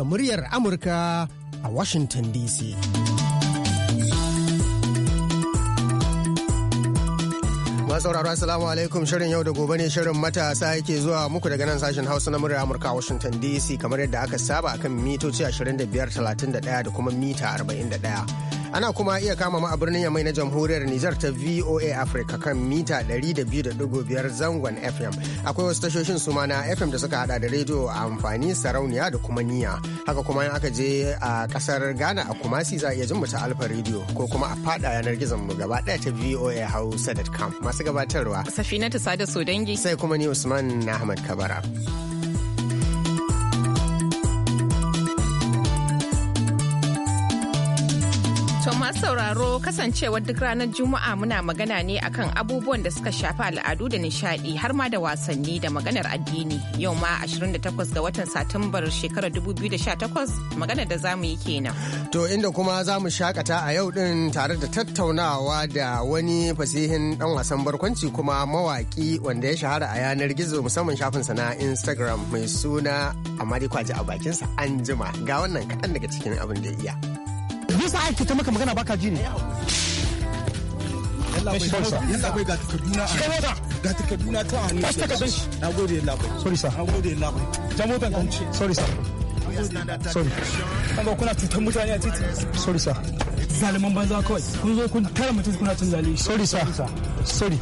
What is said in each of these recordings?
daga muryar Amurka a Washington DC. sauraro assalamu alaikum shirin yau da gobe ne shirin matasa yake zuwa muku daga nan sashen hausa na murya amurka a washington dc kamar yadda aka saba akan mitoci 25 31 da kuma mita 41 Ana kuma iya kama mu a birnin Yamai na Jamhuriyar Nijar ta VOA Africa kan mita 200.5 zangon FM. Akwai wasu tashoshin su ma na FM da suka hada da rediyo a amfani sarauniya da kuma niya. Haka kuma in aka je a kasar Ghana a Kumasi za a iya jin mu Alfa rediyo ko kuma a fada yanar gizon mu gaba daya ta VOA Hausa.com. Masu gabatarwa. Safina ta sada dangi. Sai kuma ni Usman Ahmad Kabara. masu sauraro kasancewar duk ranar Juma'a muna magana ne akan abubuwan da suka shafi al'adu da nishadi har ma da wasanni da maganar addini. Yau ma 28 ga watan Satumbar shekarar 2018 magana da zamu yi kenan. To inda kuma zamu shakata a yau din tare da tattaunawa da wani fasihin dan wasan barkwanci kuma mawaki wanda ya shahara a yanar gizo musamman shafinsa na Instagram mai suna Amadi Kwaji a bakinsa Anjima ga wannan kaɗan daga cikin abin da iya. bisa aiki ta maka magana baka ji ne a ya zaliman banza kawai kun zo kun tara mutum kuna cin zali sorry sir sorry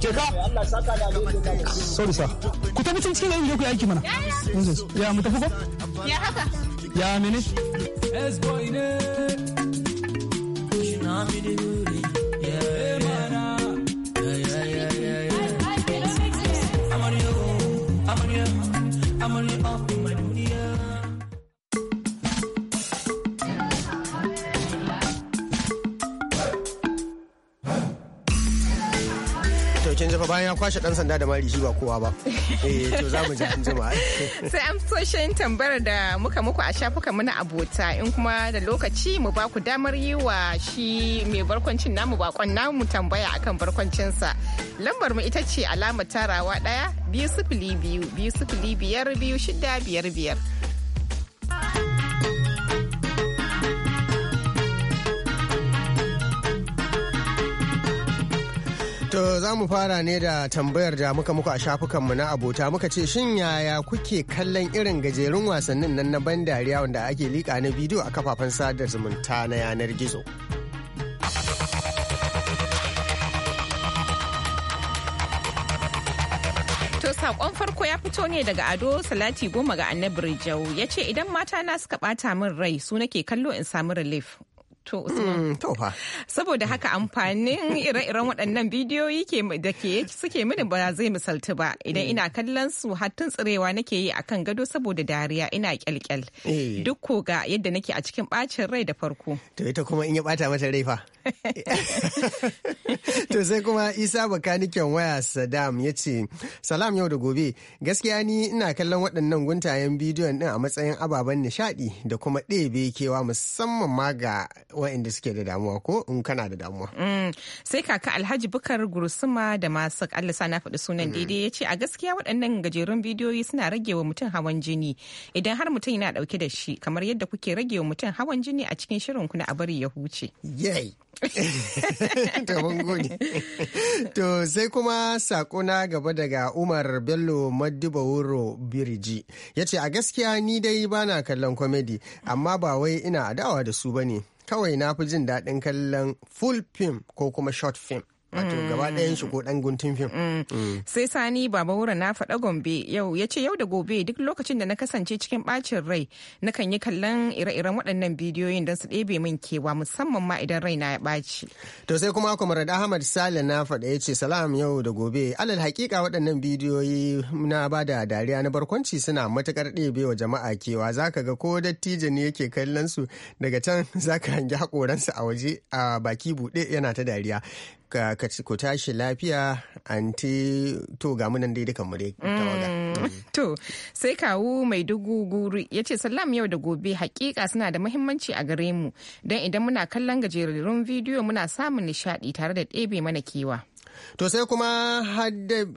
ke ka Allah saka da sorry sir ku cikin ku aiki mana ya ya haka ya menene ez boyne. Şuna bilim ba bayan ya kwashe dan sanda da mari shi ba kowa ba eh to za mu ji an jima sai shin tambayar da muka muku a shafukan muna abota in kuma da lokaci mu ba ku damar yi wa shi mai barkwancin namu bakon namu tambaya akan barkwancinsa lambar mu ita ce alamar tarawa ɗaya biyu sifili biyu biyu sifili biyar biyu shida biyar To za mu fara ne da tambayar da muka muku a shafukanmu na abota muka ce shin yaya kuke kallon irin gajerun wasannin nan na ban dariya wanda ake liƙa na bidiyo a kafafen sadar zumunta na yanar gizo. sakon farko ya fito ne daga ado salati goma ga annabi rijau ya ce idan mata na suka bata min rai su nake kallo in samu relief To Usman. Mm, to fa. Saboda haka amfanin ire-iren waɗannan bidiyoyi da ke suke mini ba zai misaltu ba idan ina kallon su hattun tsirewa nake yi akan gado saboda dariya ina kyalkyal. Eh. Duk ko ga yadda nake a cikin bacin rai da farko. To ita kuma in ya bata mata rai fa. to sai kuma Isa bakaniken waya sadam ya ce salam yau da gobe gaskiya ni ina kallon waɗannan guntayen bidiyon ɗin a matsayin ababen nishaɗi da kuma ɗebe kewa musamman ma ga waɗanda suke da damuwa ko in kana da damuwa. Mm. Sai kaka Alhaji Bukar Gursuma da masu Allah sa na faɗi sunan mm. daidai ya ce a gaskiya waɗannan gajerun bidiyoyi suna rage wa mutum hawan jini idan har mutum yana ɗauke da shi kamar yadda kuke rage wa mutum hawan jini a cikin shirin kuna a bari ya huce. Yay! to To sai kuma sako na gaba daga Umar Bello Madiba Wuro Biriji ya ce a gaskiya ni dai bana kallon komedi amma ba wai ina adawa da su ba ne. kawai na fi jin daɗin kallon full film ko kuma short film wato mm. gaba ɗayan shi ko ɗan guntun fim. Mm. Mm. sai sani baba wura na faɗa gombe yau ya ce yau da gobe duk lokacin da na kasance cikin bacin rai nakan yi kallon ire-iren waɗannan bidiyoyin don su ɗebe min kewa musamman ma idan raina ya ɓaci. to sai kuma rada ahmad sale na faɗa ya ce salam yau da gobe alal hakika waɗannan bidiyoyi na bada dariya na barkwanci suna matuƙar ɗebe wa jama'a kewa zaka ga ko dattijo ne yake kallon su daga can zaka hangi haƙoransu a waje a baki buɗe yana ta dariya ku tashi lafiya anti to ga munan dai dukan mu dai tawaga. Mm. Mm. To sai kawu mai dugu guri ya sallam yau da gobe hakika suna da muhimmanci a gare mu don idan muna kallon gajerun bidiyo muna samun nishadi tare da ɗebe mana kewa. To sai kuma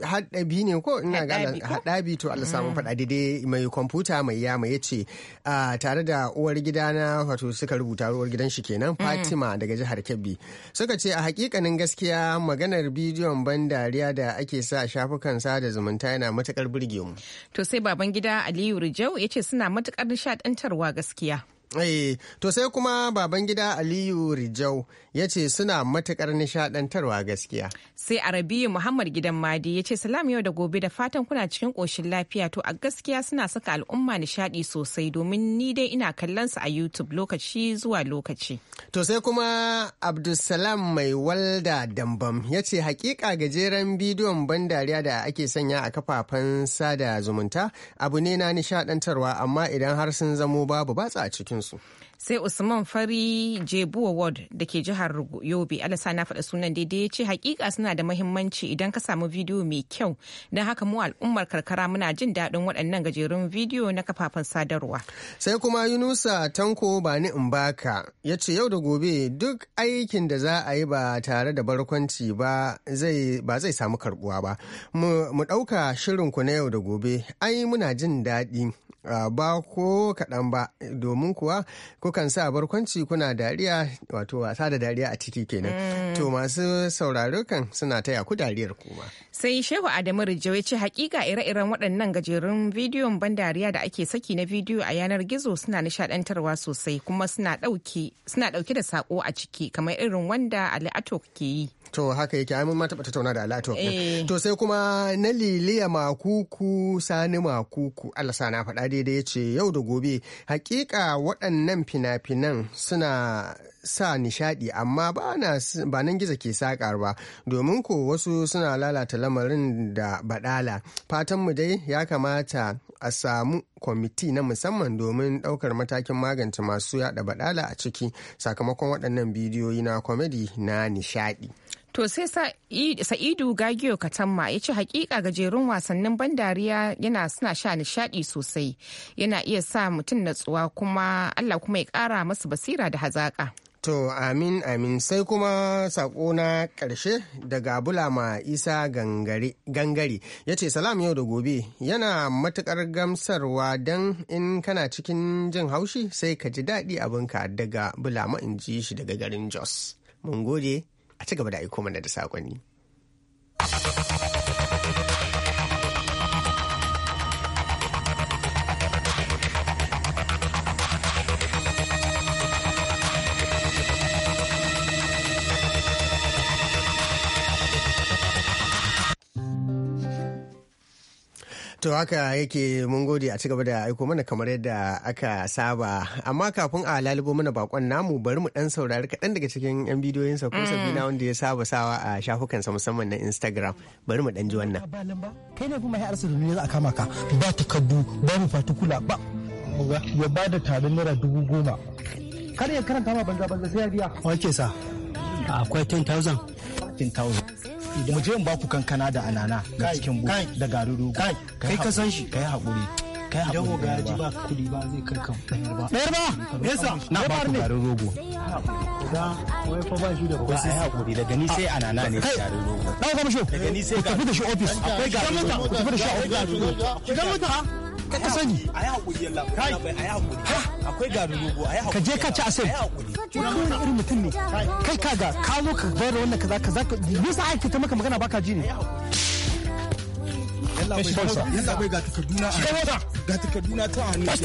haɗabi ne ko ina ga haɗabi to Allah samu mm. faɗa daidai mai kwamfuta mai yama ya ce ah, tare da uwar gida na wato suka rubuta uwar gidan shi kenan mm. Fatima daga jihar Kebbi suka ce a hakikanin gaskiya maganar bidiyon ban dariya da ake sa shafukan sada zumunta yana matukar burge mu. To sai baban gida Aliyu Rijau ce suna matukar nishadantarwa gaskiya. Eh, to sai kuma baban gida Aliyu Rijau ya ce suna matukar nishadantarwa gaskiya. Sai Arabiyu Muhammad Gidan Madi ya ce salam yau da gobe da fatan kuna cikin koshin lafiya to a gaskiya suna saka al'umma nishadi sosai domin ni dai ina kallon su a YouTube lokaci zuwa lokaci. To sai kuma Abdulsalam mai walda dambam ya ce hakika gajeren bidiyon ban dariya da ake sanya a kafafen sada zumunta abu ne na nishadantarwa amma idan har sun zamo babu batsa a cikinsu. sai usman fari jebu ward da ke jihar yobe alasa na faɗa sunan daidai ya ce hakika suna da mahimmanci idan ka samu bidiyo mai kyau don haka mu al'ummar karkara muna jin daɗin waɗannan gajerun bidiyo na kafafen sadarwa sai kuma yunusa tanko ba ni in baka ya ce yau da gobe duk aikin da za a yi ba tare da barkwanci ba zai ba zai samu karbuwa ba mu ɗauka shirin ku na yau da gobe ai muna jin daɗi ba ko kaɗan ba domin kuwa kukan sa barkwanci kuna dariya wato wasa da dariya a ciki kenan mm. to masu sauraro kan suna taya ku dariyar kuma sai shehu adamu rijo ya ce hakika ire-iren waɗannan gajerun bidiyon ban dariya da ake saki na bidiyo a yanar gizo suna nishadantarwa sosai kuma suna ɗauke da sako a ciki kamar irin wanda ali ato ke yi To haka yake ai mun ma taɓa tattauna da Alatu. Eh. To sai kuma na Liliya Makuku Sani Makuku Allah sa na faɗa daidai ya ce yau da gobe hakika waɗannan fina-finan suna sa nishaɗi amma ba nan gizo ke saƙar ba domin ko wasu suna lalata lamarin da baɗala fatanmu dai ya kamata a samu kwamiti na musamman domin ɗaukar matakin magance masu yaɗa baɗala a ciki sakamakon waɗannan bidiyoyi na komedi na nishaɗi. To sai Sa'idu Gagiyo Katamma ya ce hakika gajerun wasannin ban dariya yana suna sha nishadi sosai yana iya sa mutum natsuwa kuma Allah kuma ya kara masu basira da hazaka. To amin amin sai kuma sako na ƙarshe daga Bulama Isa gangare ya ce salam yau da gobe yana matuƙar gamsarwa don in kana cikin jin haushi sai ka ji daɗi abinka daga Bulama in ji shi daga garin Jos. Mun gode. a ci gaba da aiko mana da saƙonni. To haka yake mun gode a cigaba da aiko mana kamar yadda aka saba. Amma kafin a lalubo mana bakon namu bari mu dan saurari kaɗan daga cikin 'yan bidiyoyin sa ko mm. sabina wanda ya saba sawa a shafukansa musamman na Instagram. Bari mu dan ji wannan. Kai ne kuma ya arsa duniya za a kama ka ba takardu ba mu fatukula ba. Ya ba da tarin naira dubu goma. Kar ya karanta ma banza banza sai ya biya. Wace sa? Akwai 10,000. 10,000. mu je mu ba ku kankana da anana ga cikin bu da garuru kai kai ka san shi kai hakuri kai hakuri dawo ga ji ba kudi ba zai kai kan ba ɗayar ba yasa na ba ku garuru rogo da wai fa ba shi da ba sai hakuri daga ni sai anana ne garin rogo dawo ga shi daga ni sai tafi da shi office akwai garuru rogo tafi da shi office shiga mota ka ka sani a yi yalla kai a yi akwai rogo a yi ka je ka ci a sai wani wani irin mutum ne kai kaga ka zo ka bayar da wannan kaza kaza me aiki ta maka magana baka ji ne yalla bai ga takarduna a ga takarduna ta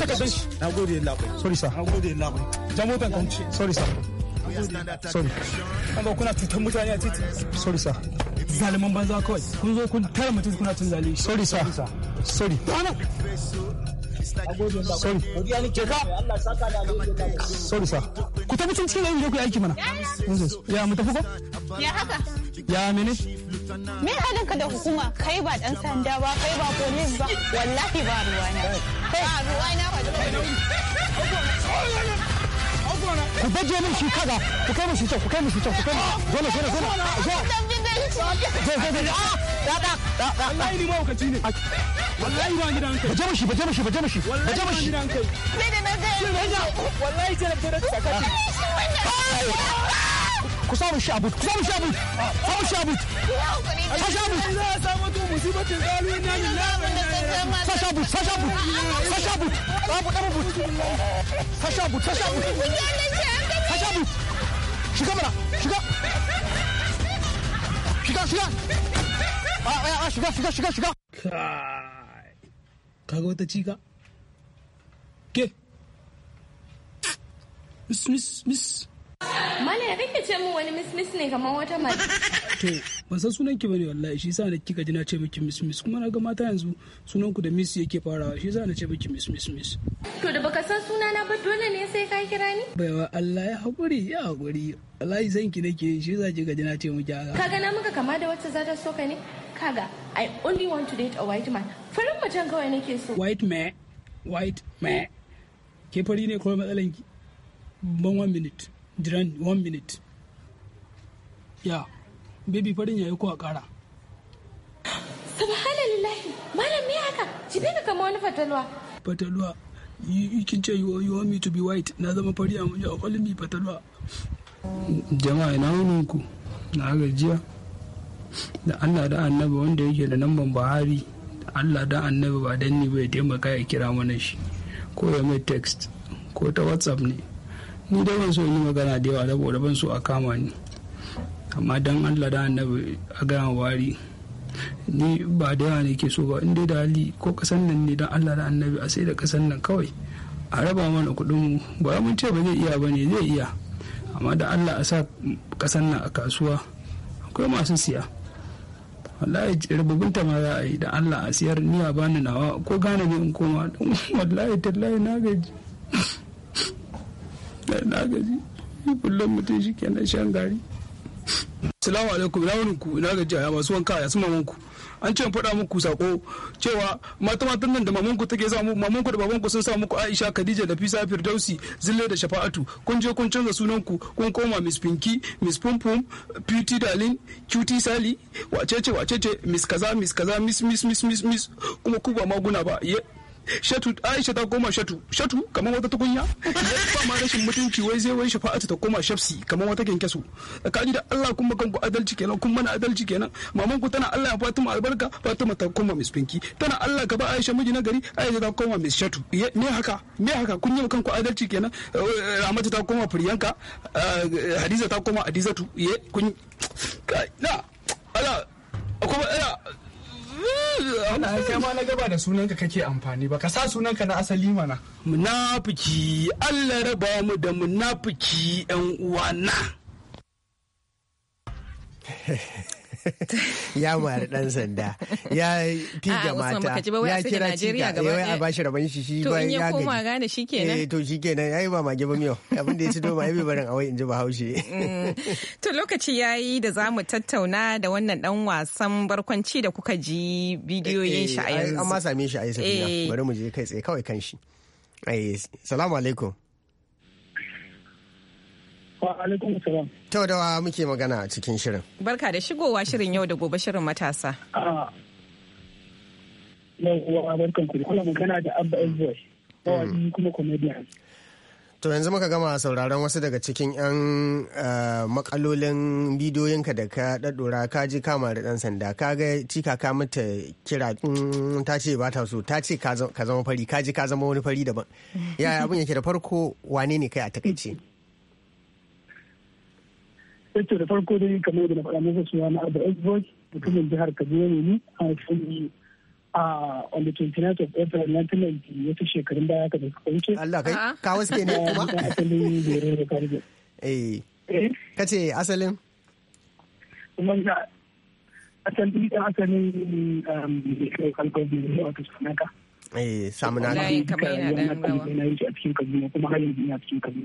ta shi yalla bai sorry sir yalla sorry sir sorry sorry sir sorry sorry sorry sorry sa ku tafi can cikin aiki ku aiki mana ya mu tafi ko ya haka ya mene me halin ka da hukuma kai ba dan sanda ba kai ba police ba wallahi ba ruwana ba ruwana ba ku baje min shi kaga ku kai mu shi ku kai mu shi ku kai mu zo zo zo zo zo zo zo Da da da wallahi ni mahaukaci ne wallahi ba gidan kai baje mashi baje mashi baje mashi baje mashi gidan kai ne da na ga wallahi ce da fere ta kace ku samu shi abut ku samu shi abut samu shi abut sa shi abut za a samu to musibatin galu na ni na sa shi abut sa shi abut sa shi abut babu dan abut sa shi abut sa shi abut sa shi abut shiga mana shiga shiga shiga shiga shiga shiga shiga kaga wata cika miss miss mana ya ce wani miss ne kamar wata mata to ban san sunan ki bane wallahi shi yasa na kika ji na ce miki miss miss kuma na ga mata yanzu sunan ku da miss yake farawa shi yasa na ce miki miss miss miss to da baka san suna na ba dole ne sai ka kira ni baiwa Allah ya hakuri ya hakuri wallahi zan ki nake shi yasa kika ji na ce miki haka kaga na maka kama da wacce za ta so ka ne kaga i only want to date a white man farin mutum kawai nake so white man white man ke fari ne kuma matsalan ki ban one minute jiran one minute ya baby farin yayi ko a kara subhanallahi malam me haka Ji jibe ka kama wani fatalwa fatalwa can say you want me to be white na zama fari a mun ya kwalmi fatalwa jama'a ina wani ku. na gajiya da allah da annabi wanda yake da lamban buhari da allah da annabi ba dan ni bai taimaka ya kira mana shi ko ya mai text ko ta whatsapp ne ni da ban so yi magana da yawa saboda ban so a kama ni amma dan allah da annabi a ga wari ni ba da yawa ne ke so ba in dai da hali ko kasan nan ne dan allah da annabi a sai da kasan nan kawai a raba mana kuɗin ba mun ce ba zai iya ba ne zai iya amma da allah a sa kasan nan a kasuwa akwai masu siya wallahi rububin ta ma za a yi da Allah a siyar ni a bani nawa ko gane ne in koma don wallahi tallahi na gaji na gaji kullum mutum shi kenan shan gari salamu alaikum ina wani ku ina gaji a masu wanka ya su wanku an ce faɗa muku sako cewa mata matan nan da mamanku take za mu mamanku da babanku sun sa muku Aisha Khadija da Fisa Firdausi Zille da Shafa'atu kun je kun canza sunanku kun koma Miss Pinky Miss Pum Pum beauty Darling Cutie Sally wacece wacece Miss kaza Miss kaza Miss Miss Miss Miss Miss kuma ku ba maguna ba shatu aisha ta koma shatu shatu kamar wata tukunya fa ma rashin mutunci wai zai wai shafa'atu ta koma shafsi kamar wata kenkesu tsakani da Allah kuma kanku adalci kenan kuma mana adalci kenan maman ku tana Allah ya Fatima albarka Fatima ta koma Miss Pinky tana Allah gaba Aisha miji nagari Aisha ta koma Miss Shatu me haka me haka kun yi kanku adalci kenan eh, Ramatu ta koma Furyanka eh, Hadiza ta koma Adizatu ye kun na ala akwai kai ma na gaba da sunanka kake amfani ba ka sa sunanka na asali mana munafiki Allah raba mu da munafiki yan uwana ya mara dan sanda ya tiga ah, mata ya kira cika ya a eh, bashi rabon shi shi ba ya gaji to in ya koma gane shikenan eh to shikenan ai ba mage ba miyo abin da ya ci doma ai barin awai in ji bahaushe mm. to lokaci yayi da zamu tattauna da wannan dan wasan barkwanci da kuka ji bidiyoyin shi a eh, eh, yanzu amma same shi a yanzu bari mu je kai tsaye kawai kan shi salamu alaikum Wa alaikum salam. To muke magana a cikin shirin. Barka da shigowa shirin yau da gobe shirin matasa. Yawwa barkan ku. magana da Abba Ezboy. Mawaki mm. kuma comedian. To yanzu muka gama sauraron wasu daga cikin 'yan eh, makalolin bidiyoyinka da ka daddora ka ji kama da ɗan sanda ka ga cika ka mata kira mm, ta ce ba ta so ta ce ka zama fari ka ji ka zama wani fari daban yaya abin yake da farko wane ne kai a takaice. Ito da farko dai kamar da na faɗa masa suna na Abba exbox mutumin jihar Kaduna ne ni a haifin a on the 29th of April 1990 wata shekarun baya ka da suka wuce. Allah kai ah. ka waske ne kuma. Asalin Bere da Karbe. Eh. eh. Ka ce asalin? Kuma na asalin asalin kalkon um, Bere wato sunaka. eh samu na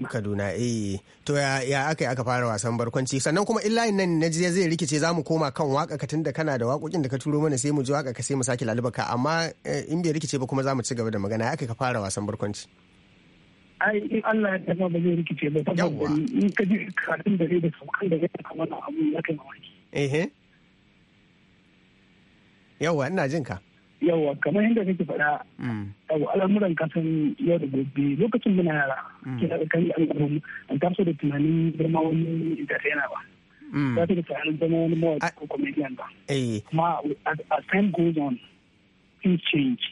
Kaduna eh to ya ya aka aka fara wasan barkwanci sannan kuma in layin nan na je zai rikice zamu koma kan waka ka tunda kana da wakokin da ka turo mana sai mu ji waka ka sai mu saki lalubaka amma eh, in bai rikice ba kuma zamu ci gaba da magana ya aka ka fara wasan barkwanci ai in Allah ya tafa ba zai rikice ba saboda in ka ji karatun da zai da saukan da zai kamar abu ya kai mamaki eh, eh. yawa ina jin ka yawa kamar yadda kake faɗa mm. yawa al'amuran kasan yau da gobe lokacin muna yara mm. kina da kan al'umma an taso da tunanin girma wani entertainer ba mm. ba ta da tunanin zama wani mawa ko comedian ba eh. kuma as time goes on things change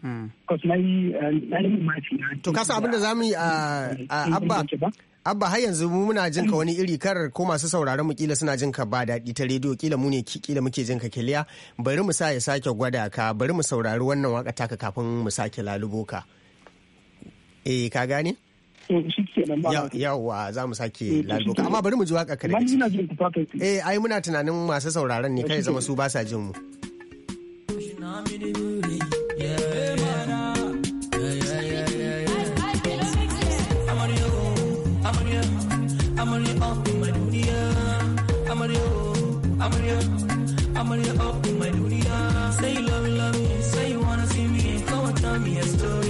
Because na yi eh, na yi mafi na. To kasa abinda za mu yi a abba abba har yanzu mu muna jin ka wani iri kar ko masu sauraron mu kila suna jin ka ba daɗi ta rediyo kila mu ne kila muke jin ka kiliya bari mu sa ya sake gwada ka bari mu saurari wannan waka taka kafin mu sake lalubo ka eh ka gane eh, yawwa za mu sake eh, lalubo ka amma bari mu ji waka ka eh ai muna tunanin masu sauraron ne kai zama su ba sa jin mu amarya amarya up in my duniya say love me love me say you wanna see me a story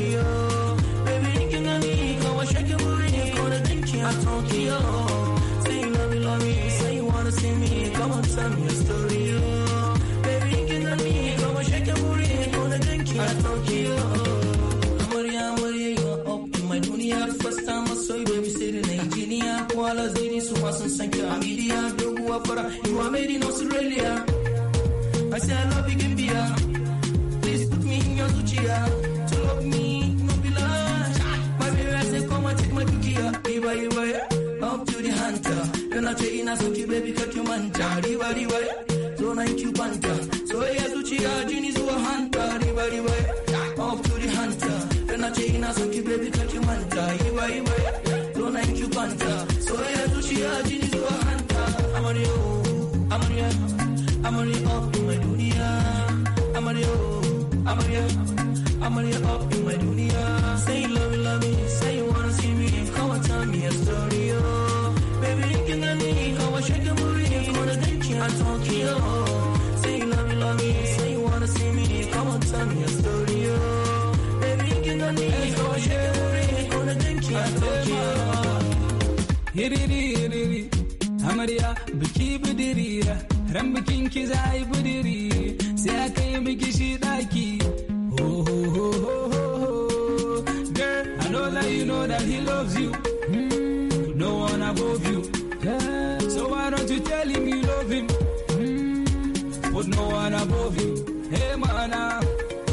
made in Australia. I say I love you, Gambia. Please put me in your Zuchia. To love me, no be lies. My baby, I say, come and take my cookie. Iba, iba, up to the hunter. You're not taking us, okay, baby, cut your manta. Iba, Don't like you panta. So, yeah, Zuchia, genies who are hunter. Iba, iba, up to the hunter. You're not taking us, okay, baby, cut your manta. Iba, Don't like you panta. Amaria up oh, in my dunia amarya oh, amarya oh, up in my dunia say you love me love me say you wanna see me come and tell me a story oh baby looking at me how I shake the booty gonna take you Tokyo say you love me love me say you wanna see me come and tell me a story oh baby looking at me how I shake the booty gonna take you Tokyo Hiriri, hiriri, hamariya, bidiri, ran ki za budiri sai kai miki shi daki girl i know that you know that he loves you mm, no one above you so why don't you tell him you love him hmm, put no one above you hey mana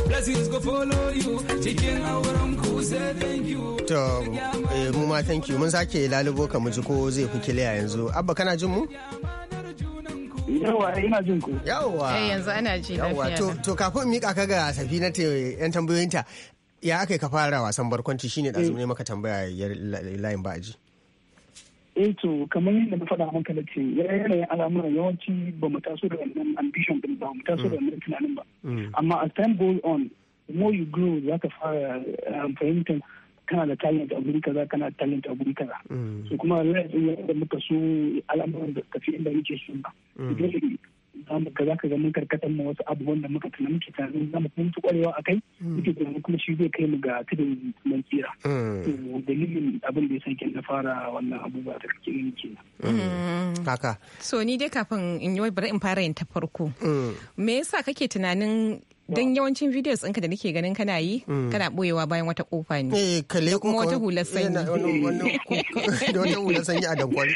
blessings go follow you cikin auren ku sai thank you to eh, mu ma thank you mun sake lalubo ka mu ji ko zai fi kiliya yanzu abba kana jin mu Yawwa ina jin ku. Eh yanzu ana ji lafiya. to kafin mika ka ga safi na yan tambayoyinta ya aka ka fara wasan barkwanci shine da eh. ne maka tambaya layin ba ji. eh to kamar yadda na faɗa maka na ce yanayin al'amuran yawanci ba mu taso da wannan ambition din ba mu taso da mm. wannan tunanin ba mm. amma as time goes on the more you grow za ka fara um, fahimtar kana da talent a guri kaza kana da talent a guri kaza mm. su kuma rayuwar da muka so al'amuran da tafi inda muke su ba mm. mu ga zaka ga mun karkatar mu wasu abubuwan da muka tunan muke tunanin za mu kuma kwarewa a kai mm. muke tunanin kuma shi zai kai mu ga tudun mun tsira to dalilin abin da ya sanke na fara wannan abubuwa da kake yin ke. haka so ni dai kafin in yi bari in fara yin ta farko me yasa kake tunanin don yawancin videos ɗinka da nake ganin kana yi mm. kana ɓoyewa bayan wata kofa ne eh kale kuma wata hular sanyi da wata hular sanyi a dankwali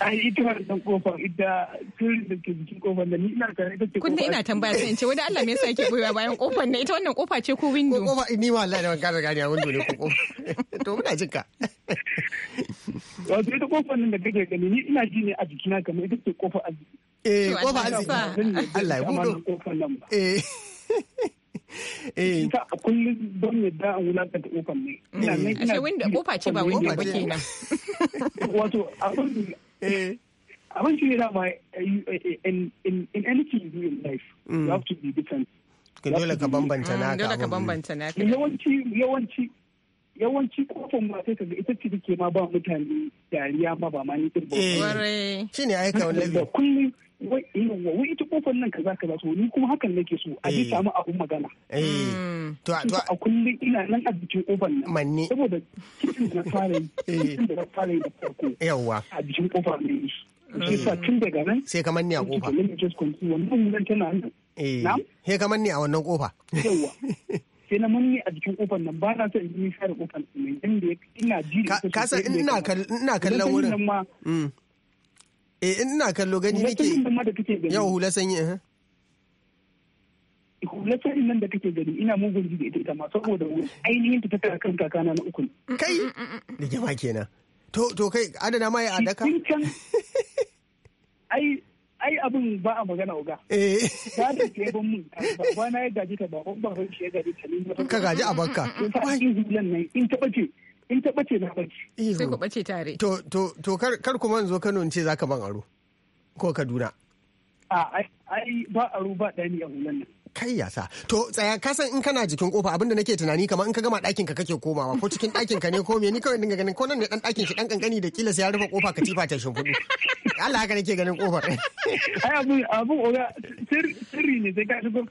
ai ita da kofa ita tun da ke jikin kofa da ni ina kare ta ce kun ina tambaya sai in ce wani Allah me yasa yake ɓoyewa bayan kofar ne ita wannan kofa ce ko window ko kofa ni Allah da ban kare gani a window ne ko kofa to muna jinka wato ita kofar nan da kake gani ni ina ji ne a jikina kamar ita ce a arziki eh kofa eh. eh. kullum don an wulakanta kofar ne ina mm. nan ce ba ba in in dole ka bambanta ka bambanta naka yawanci yawanci yawanci kofin ma sai ita ce take ma ba mutane dariya ma ba ma ni ɗin ba eh. shi ne aika wallahi kullum wa wai ita kofar nan kaza kaza so ni kuma hakan nake so a ji eh. samu abun magana eh. hmm. to a kullum ina nan a bikin kofar nan manne saboda kitin da na fara yi eh. kitin da na fara yi da farko yawa a bikin kofar ne hmm. shi sa tun daga nan sai kamar ni a kofa wannan nan tana nan na'am sai kamar ni a wannan kofa yawa sai na manni a jikin kofar nan ba na son in yi share kofar nan inda ina ji ka san ina kallon wurin eh ina kallo gani nake yau hula sanyi eh hula sanyi nan da kake gani ina mugun ji da ita ita ma saboda ainihin ta tara kan kakana na uku kai da jama kenan to to kai adana mai a daka ai ai abin ba a magana uga. Eh. Ta da ke ban mun ba na ya gaji ta ba ba ban shi ya gaji ta Ka gaji a bakka. hulan nan in ta bace in ta bace na bace sai ku bace tare to to to kar kuma zo Kano in ce zaka ban aro ko Kaduna a ai ba aro ba dani a hulan nan kai ya sa to tsaya ka san in kana jikin kofa abinda nake tunani kamar in ka gama ɗakin ka kake komawa ko cikin ɗakin ka ne ko me ni kawai dinga ganin ko nan ne dan ɗakin shi dan kankani da kila sai ya rufe kofa katifa ta shimfiɗu Allah haka nake ganin kofar ai abu abu oga sirri ne sai ka shigo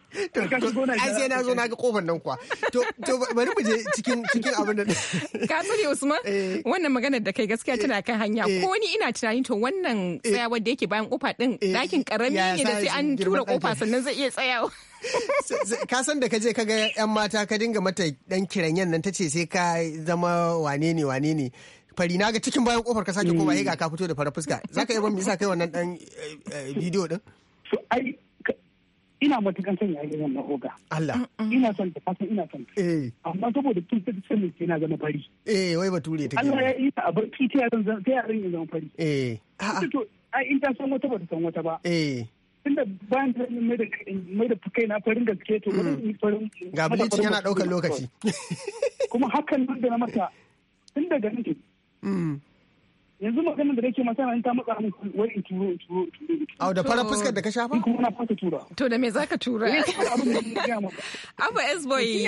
ka shigo na ai sai na zo na ga kofar nan kuwa to to bari mu je cikin cikin abin da ka tsare Usman eh. wannan maganar da kai gaskiya tana eh. kan hanya eh. ko ni ina tunani to wannan tsayawar da yake bayan kofa din ɗakin karami ne da sai an tura kofa sannan zai iya tsayawa ka san da ka je ka ga yan mata ka dinga mata dan kiranyen nan ta ce sai ka zama wane ne wane ne fari na ga cikin bayan kofar ka sake koma mm. ga ka fito da fara fuska Za ka iya ban bisa kai wannan dan eh, eh, bidiyo din so ai ina matukan son yayi wannan oga Allah ina son ta kasan ina son ta eh. amma saboda tun ta sani ke na zama fari eh wai ture ta Allah ya yi ta abar titi yaran zan yaran ya zama fari eh a'a to ai in ta san wata ba ta san wata ba eh tunda bayan da mai da kai na farin gaske to wani farin mm. ga bilicin yana ɗaukar lokaci kuma hakan da na mata tun daga nake mm. yanzu maganin da nake masana in ta matsa min wai in turo in turo in turo. Au da fara fuskar da ka shafa? Ni kuma na fasa tura. To da me za ka tura? Eh, Abba S-Boy.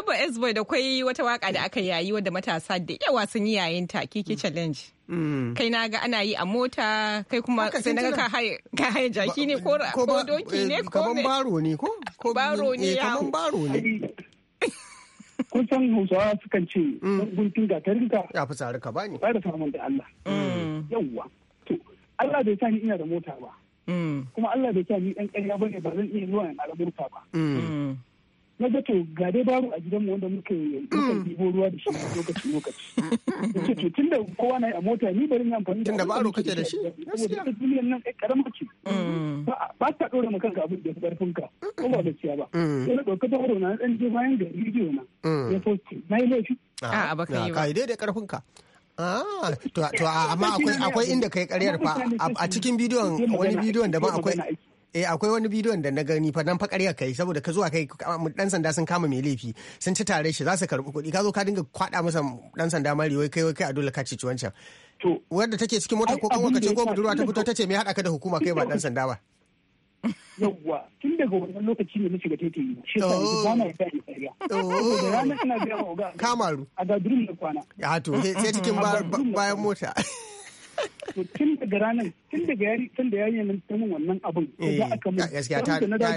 Abba S-Boy da kwai wata waka da aka yayi wadda matasa da yawa sun yi yayin ta Kiki Challenge. Mm. Kai na ga ana yi a mota kai kuma sai na ga ka haye jaki ne ko doki ne eh, ko ne. Kaban baro ne ko? Baro ne ya. Eh, Kaban baro ne. kun san hausawa sukan ce don mm. ga ta rinka ya fi tsari ka bani ba da samun da Allah mm. yawwa to Allah bai sa ni ina da mota ba mm. kuma Allah bai sa ni dan ƙarya bane ba zan iya zuwa in ara mota ba na ga to ga dai baro a gidanmu wanda muke mm. ɗibo ruwa da shi lokaci lokaci ce to da kowa na a mota ni bari na amfani da baro kake da shi ce mm. ba ta ɗora ma kanka abin da ya ƙarfin ka ko ba mm. gaskiya ba sai na ɗauka baro na ɗan je bayan da bidiyo na ya fosti na yi laifi ah, ah, ba ka yi ba ka yi daidai ƙarfin ka Ah, to eh, amma akwai inda kai karyar fa a cikin bidiyon wani bidiyon daban akwai eh akwai wani bidiyon da na gani fa dan fakariya kai saboda ka zuwa kai dan sanda sun kama mai laifi sun ci tare shi za su karbi kuɗi ka zo ka dinga kwada masa dan sanda mari wai kai wai kai a dole ka ci wancan to wanda take cikin mota ko kan ce ko budurwa ta fito tace me hada ka da hukuma kai ba dan sanda ba yawwa tun daga wannan lokaci ne na shiga tete yi shi sa oh. oh. ne ba na yasa ni kariya da ranar ina ga kamaru a gadurin da kwana ya to sai cikin bayan mota tun daga ranar tun daga yari da wannan abun ya eh, aka mun gaskiya ta na da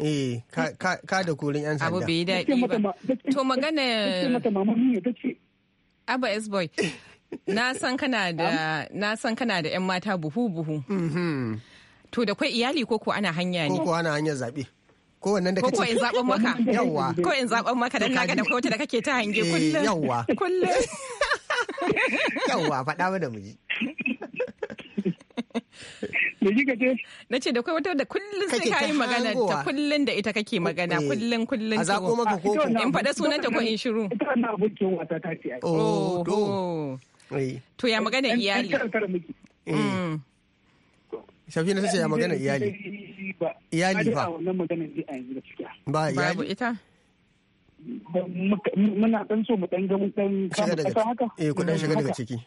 eh, ka ka da korin yan sanda abu bai daɗi na san kana da na mata buhu buhu mm-hmm. to da kwai iyali ko ko ana hanya ne ko ana hanya zabe ko wannan da ko in zaben maka yawa ko in zaben maka dan naga da wata da kake ta hange eh, kullum kullum Yawwa faɗa mana mu ji. Na ce da kai wata da kullun sai ka yi magana ta kullun da ita kake magana kullun kullun. A zaƙo maka ko In faɗa sunanta ko in shiru. Ita na abokin wata ta ce. Oh, oh, oh. To ya magana iyali. Shafi na sace ya magana iyali. Iyali fa. Ba iyali. ba ita. muna kan so mu ɗan ga mun kama kasa haka eh ku dan shiga daga ciki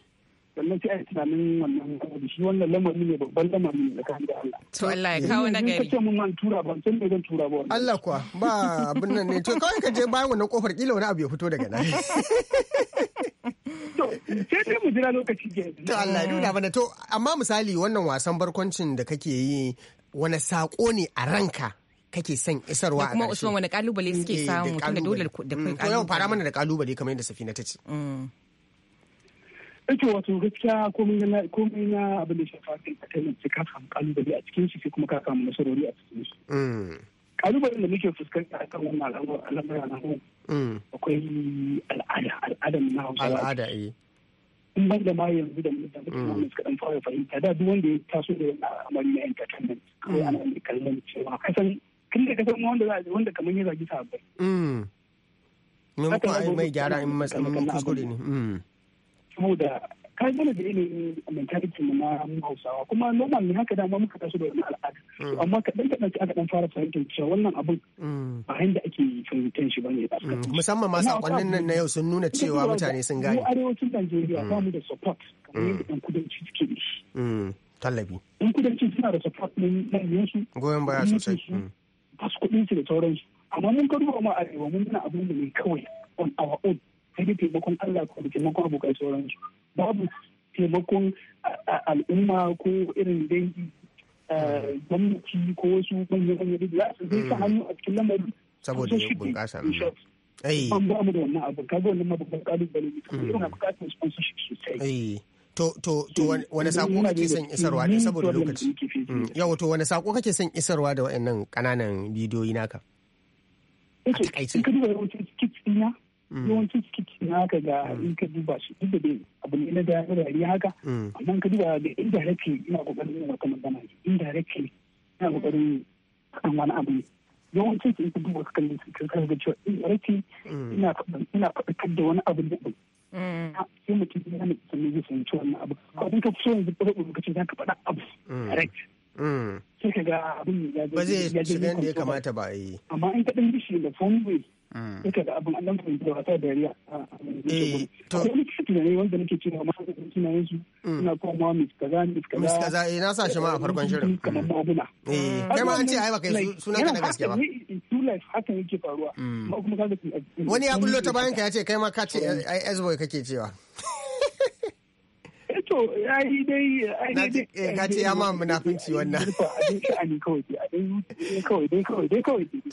sannan sai a tunanin wannan da shi wannan lamari ne babban lamari ne tsakanin da Allah. To Allah ya kawo na gari. Kace mun man tura ban san me zan tura ba. Allah kuwa ba abin nan ne to kawai ka je bayan wannan kofar kila wani abu ya fito daga nan. sai dai mu jira lokaci ke. To Allah ya nuna mana to amma misali wannan wasan barkwancin da kake yi wani saƙo ne a ranka kake son isarwa a kuma wani kalubale suke eh, samu da dole da kalubale. Mm. Ko yau fara mana da kalubale kamar yadda Safina ta ce. Ake mm. eh, wato gaskiya komai na komai na abin da ya shafa kai ka kai ka samu kalubale a cikin shi sai kuma ka samu nasarori a cikin shi. Kalubalen mm. da muke fuskanta a kan wannan al'amura na mu akwai al'ada al'ada na Hausa. Al'ada eh. in ban da ma yanzu da mutane suka dan fara fahimta da duk wanda ya taso da amari na entertainment kawai ana kallon cewa kasan tun da ka san wanda za a wanda kamar ya zagi sahabbai mun ko ai mai gyara in matsayin kuskure ne mm. saboda kai mana da ilimin mentality mu na Hausawa kuma normal ne haka dama muka taso da wannan al'ada mm. amma kaɗan kaɗan aka ɗan fara fahimtar cewa wannan abin mm. ba yanda ake fahimtar shi bane ba musamman ma sakonnin nan na yau sun nuna cewa mutane sun gane mu arewacin Najeriya ba mu da support kamar yadda ɗan kudanci suke da shi Tallabi. ɗan kudanci suna da support ɗin ɗan goyon baya sosai kuɗin su da sauransu amma mun ka duba ma arewa mun nuna abin da ne kawai on our own sai dai taimakon Allah ko da taimakon abokai sauransu babu taimakon al'umma ko irin dangi eh, gwamnati ko wasu manya-manya da za su zai sa hmm. hannu a cikin lamarin saboda bunƙasa an ba mu da wannan abu kaga wannan mabukatan kalubale ne kuma yana hmm. bukatar sponsorship sosai To, to, to, eh, wani eh, sako kake son isarwa ne saboda lokaci? Mm. Yawa, to, wani sako kake son isarwa da waɗannan ƙananan bidiyoyi naka? Ake, eh, in ka duba yawancin skits na, mm. yawancin skits na ka ga mm. in ka duba shi, duk da dai abu ne na da dariya haka, amma in ka duba da indirectly ina ƙoƙarin yin wata magana, indirectly ina ƙoƙarin kan wani abu ne. Yawancin in ka duba ka kalli su, ka ga cewa indirectly ina faɗakar da wani abu ne Mm. sai mutum ya ne sannan zai fahimci wannan abu kawai ka so yanzu kawai lokacin za ka faɗa abu mm. correct mm. sai ka ga abin ya zai ba zai shiga yadda ya kamata ba yi eh. amma in ka ɗan bishi da phone way Duka da abin da dariya a wani wanda nake cewa su komawa kaza kaza. kaza eh na sa a farkon shirin. Kamar kai suna ka na gaske ba. yake faruwa. Wani ya bullo ta bayan ka ya ce kai ma ka ce zuba kake cewa. Eh, to yi dai eh, ce ya ma munafunci wannan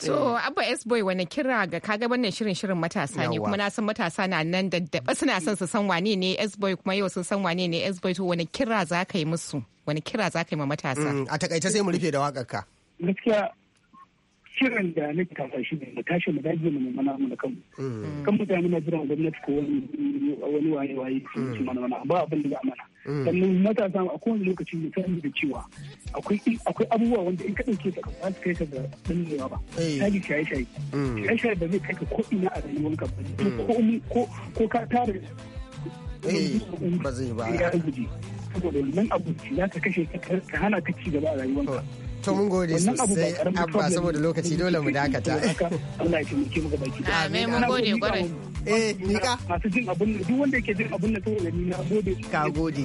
so abba s boy wani kira ga kaga wannan shirin shirin matasa ne kuma na san matasa na nan da suna son su san wane ne s boy kuma yau sun san wane ne s boy to wani kira za ka yi musu wani kira za ka yi ma matasa mm, a takaice sai mu rufe da wakaka gaskiya kiran da na kasa shi ne mu tashi mu dage mu mana mu da kanmu mm. kan mutane na jiran gwamnati ko wani waye waye su mana mana ba abin da za mana mm. sannan matasa a kowane lokaci mu sani da cewa akwai abubuwa wanda in ka dauke ka ba su kai ka ga dannewa ba shayi shaye mm. shaye shaye shaye da zai kai ka ko ina a ka ba ko ko ko ka tare ba zai ba saboda nan abu ya ka kashe ka hana ka ci gaba a ka. Oh. to mun gode sosai abba saboda lokaci dole mu dakata Allah ya taimake mu gaba ki amin mun gode kwarai eh mika masu jin abun duk wanda yake jin abun na to na gode ka gode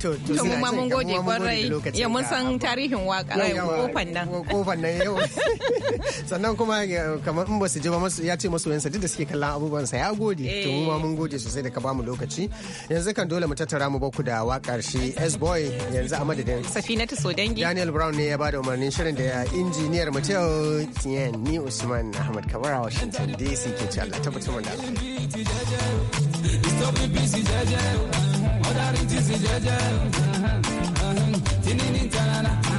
to to ma mun gode kwarai ya mun san tarihin waka kofan nan kofan nan yau sannan kuma kamar in ba su ji ba ya ce masu yansa duk da suke kallon abubuwan sa ya gode to mu ma eh. mun gode sosai da ka bamu lokaci yanzu kan dole mu tattara mu baku da wakar shi S boy yanzu a madadin Safinatu Sodangi Daniel Brown ne ya bada umarnin shirin da injiniyar mu ta ni Usman Ahmad Kabara Washington DC ke ci Allah tabbatar da bíìtì jẹ́jẹ́ ìsọ́bí bíìsì jẹ́jẹ́ ọ̀dàrí tìsì jẹ́jẹ́ tìní ní tarara.